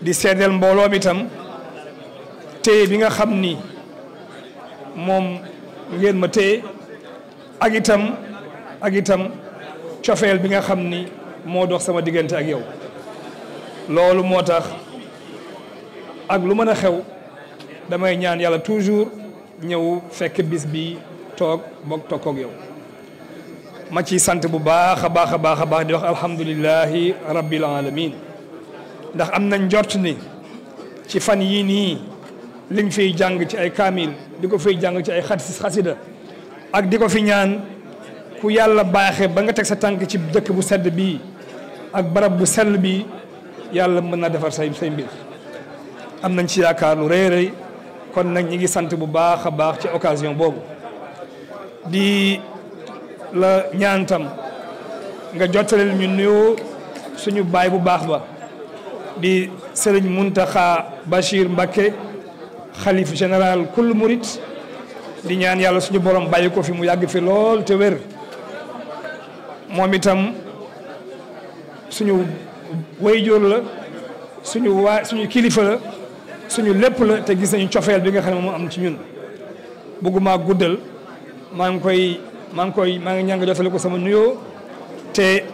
di seedeel mbooloom itam téye bi nga xam ni moom ngeen ma téye ak itam ak itam cofeel bi nga xam ni moo dox sama diggante ak yow loolu moo tax ak lu mën a xew damay ñaan yàlla toujours ñëw fekk bis bi toog boog toog ak yow ma ci sant bu baax a baax a baax a baax di wax alhamdulilahi rabbil alamin ndax am nañ njort ni ci fan yi ni liñ fiy jàng ci ay kamil diko fiy jàng ci ay khatis khasida ak diko fi ñaan ku yàlla baaxee ba nga teg sa tànk ci dëkk bu sedd bi ak barab bu sel bi yàlla mën naa defar say say mbir am nañ ci yaakaar lu rëy rëy kon nag ñi ngi sant bu baax a baax ci occasion boobu di la ñaantam nga jottaleel ñu nuyoo suñu baay bu baax ba di sëriñ Muntaxa Bachir Mbakke xalif général kul murit di ñaan yàlla suñu borom bàyyi ko fi mu yàgg fi lool te wér moom itam suñu wayjóor la suñu waa suñu kilifa la suñu lépp la te gis nañu cofeel bi nga xam ne moom am ci ñun bëgguma guddal maa ngi koy maa ngi koy maa ngi ñaan nga ko sama nuyoo te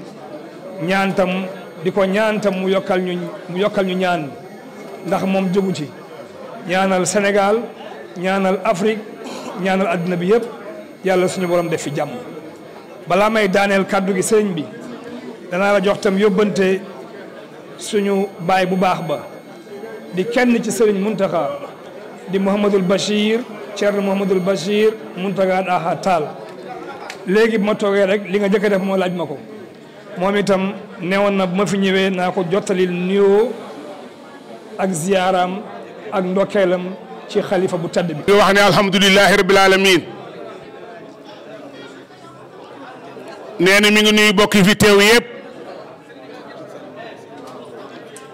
ñaan tam di ko ñaan tam mu yokkal ñu mu yokkal ñu ñaan ndax moom jógu ci ñaanal Sénégal ñaanal Afrique ñaanal adduna bi yëpp yàlla suñu borom def fi jàmm balaa may daaneel kàddu gi sëriñ bi danaa la jox tam yóbbante suñu baay bu baax ba di kenn ci sëriñ Muntaxa di Mouhamadul Bachir Thierno Mouhamadul Bachir Muntaxa Daha taal léegi bu ma toogee rek li nga jëkk def moo laaj ma ko moom itam newoon na bu ma fi ñëwee naa ko jottalil nuyoo ak ziyaaraam ak ndokkeelam ci xalifa bu tedd bi. di wax ne alhamdulilahi rabbil alamin nee na mi ngi nuyu bokki fi teew yëpp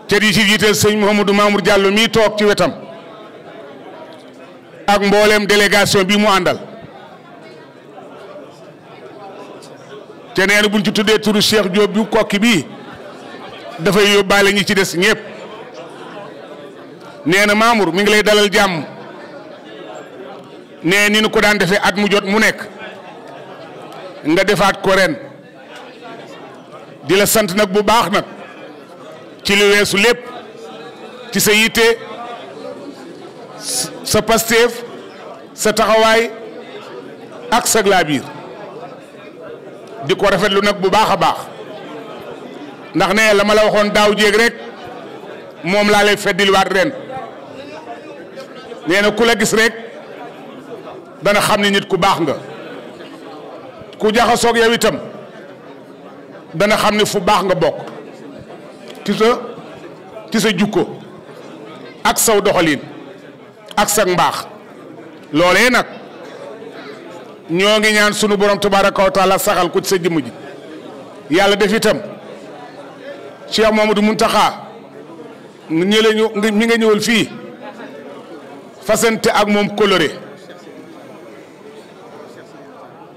te di ci jiital sëñ Mouhamadou Mamour Diallo mii toog ci wetam ak mbooleem délégation bi mu àndal. te nee na buñ ci tuddee turu Cheikh Diop bu kokki bii dafay yóbbaale ñi ci des ñëpp nee na Mamour mi ngi lay dalal jàmm nee ni nu ko daan defee at mu jot mu nekk nga defaat ko ren di la sant nag bu baax nag ci li lépp ci sa yitte sa pasteef sa taxawaay ak sa laabiir di ko rafetlu nag bu baax a baax ndax ne la ma la waxoon daaw jéeg rek moom laa lay feddiliwaat ren nee na ku la gis rek dana xam ni nit ku baax nga ku jaxasoog yow itam dana xam ni fu baax nga bokk ci sa ci sa jukko ak saw doxaliin ak sa mbaax loolee nag ñoo ngi ñaan sunu borom tabaraka wa taala saxal ko ci sa jëmm ji yàlla def itam Cheikh Mamadou Muntaxa ñële ñu mi nga ñëwal fii fasante ak moom coloré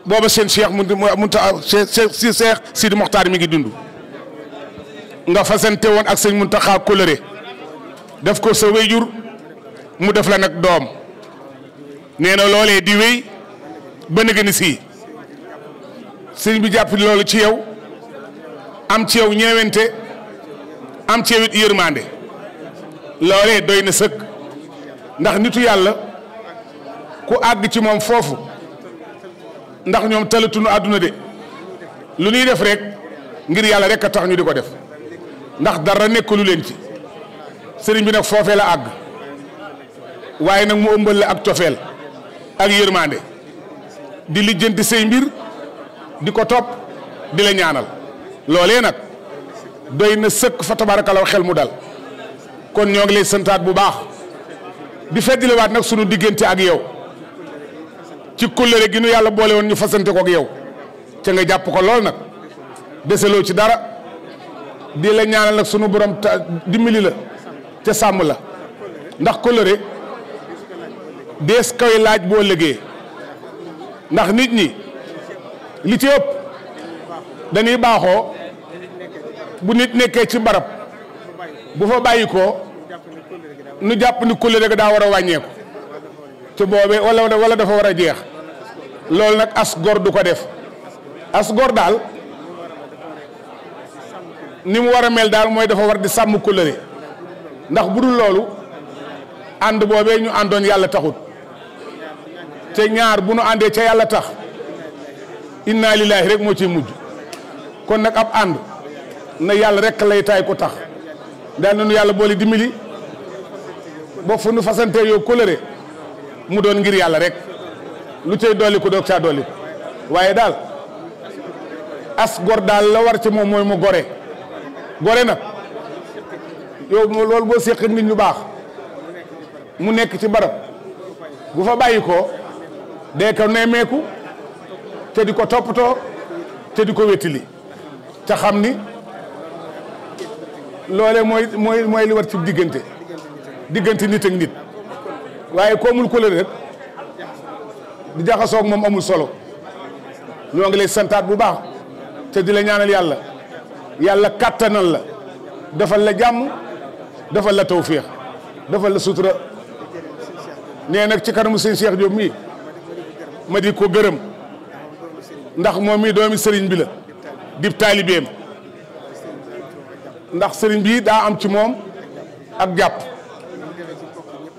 booba seen Cheikh Muntaxa si Cheikh Sidi Moxtaar mi ngi dund nga fasante woon ak sëñ Muntaxa coloré def ko sa wéyjur mu def la nag doom nee na loolee di wéy ba nga ni sii sëriñ bi jàpp loolu ci yow am ci yow ñeewente am ci yow it loolee doy na sëkk ndax nitu yàlla ku àgg ci moom foofu ndax ñoom talatunu àdduna de lu ñuy def rek ngir yàlla rek a tax ñu di ko def ndax dara nekkalu leen ci sëriñ bi nag foofee la àgg waaye nag mu ëmbal ak cofeel ak yërmande di lijjanti say mbir di ko topp di la ñaanal loolee nag doy na sëkk fa tabaarakalaw xel mu dal kon ñoo ngi lay santaat bu baax di feddliwaat nag sunu diggante ak yow ci kóllëre gi nu yàlla boole woon ñu fasante ko ak yow ca nga jàpp ko lool nag deseloo ci dara di la ñaanal nag sunu borom ta dimbali la ca sàmm la ndax kóllëre dees koy laaj boo lëgee ndax nit ñi li ci ëpp dañuy baaxoo bu nit nekkee ci barab bu fa bàyyi ko nu jàpp ni kóllëre ga daa war a wàññeeku ci boobee wala wala dafa war a jeex loolu nag as du ko def as gor daal ni mu war a mel daal mooy dafa war di sàmm kóllëre ndax bu dul loolu ànd boobee ñu àndoon yàlla taxut te ñaar bu nu àndee ca yàlla tax naa lillahi rek moo ciy mujj kon nag ab ànd na yàlla rek lay taay ko tax daan nañu yàlla boole dimbali ba fu nu fasante yow coloré mu doon ngir yàlla rek lu cay dolli ko doo caa dolli ko waaye daal as gor daal la war ci moom mooy mu gore gore nag yow loolu boo séqi nit ñu baax mu nekk ci barab bu fa bàyyi ko day ko nemmeeku te di ko toppatoo te di ko wettali te xam ni loole mooy mooy mooy li war ci diggante diggante nit ak nit waaye ko mul kule rek di jaxasoo ak moom amul solo ñoo ngi lay santaat bu baax te di la ñaanal yàlla yàlla kàttanal la defal la jàmm defal la tawféex defal la sutura nee nag ci kanamu seen Cheikh Diop mii ma di ko gërëm ndax moom mii doomi sëriñ bi la dib taalibeem ndax sëriñ bi daa am ci moom ak jàpp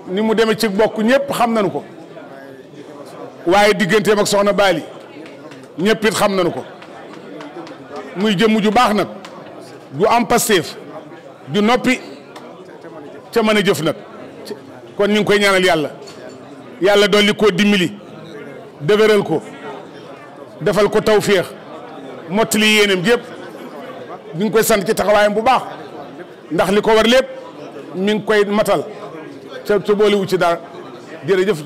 ni mu demee ci bokk ñëpp xam nañu ko waaye digganteem ak soxna Baali ñëpp it xam nañu ko muy jëmm ju baax nag ju am pasteef ju noppi ca mën jëf nag kon ñu ngi koy ñaanal yàlla yàlla dolli koo dimbali dëgëral ko defal ko tawféex mottali yéenam yëpp ñu ngi koy sant ci taxawaayam bu baax ndax li ko war lépp mi ngi koy matal ca ca boole wu ci dara jërëjëf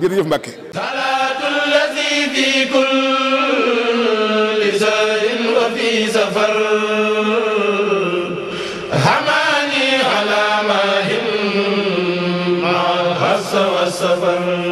jërëjëf Mbacke. salaatul lazi fi kulli sahrin wa fi safar hamani ala mahim ma al hassa wa safar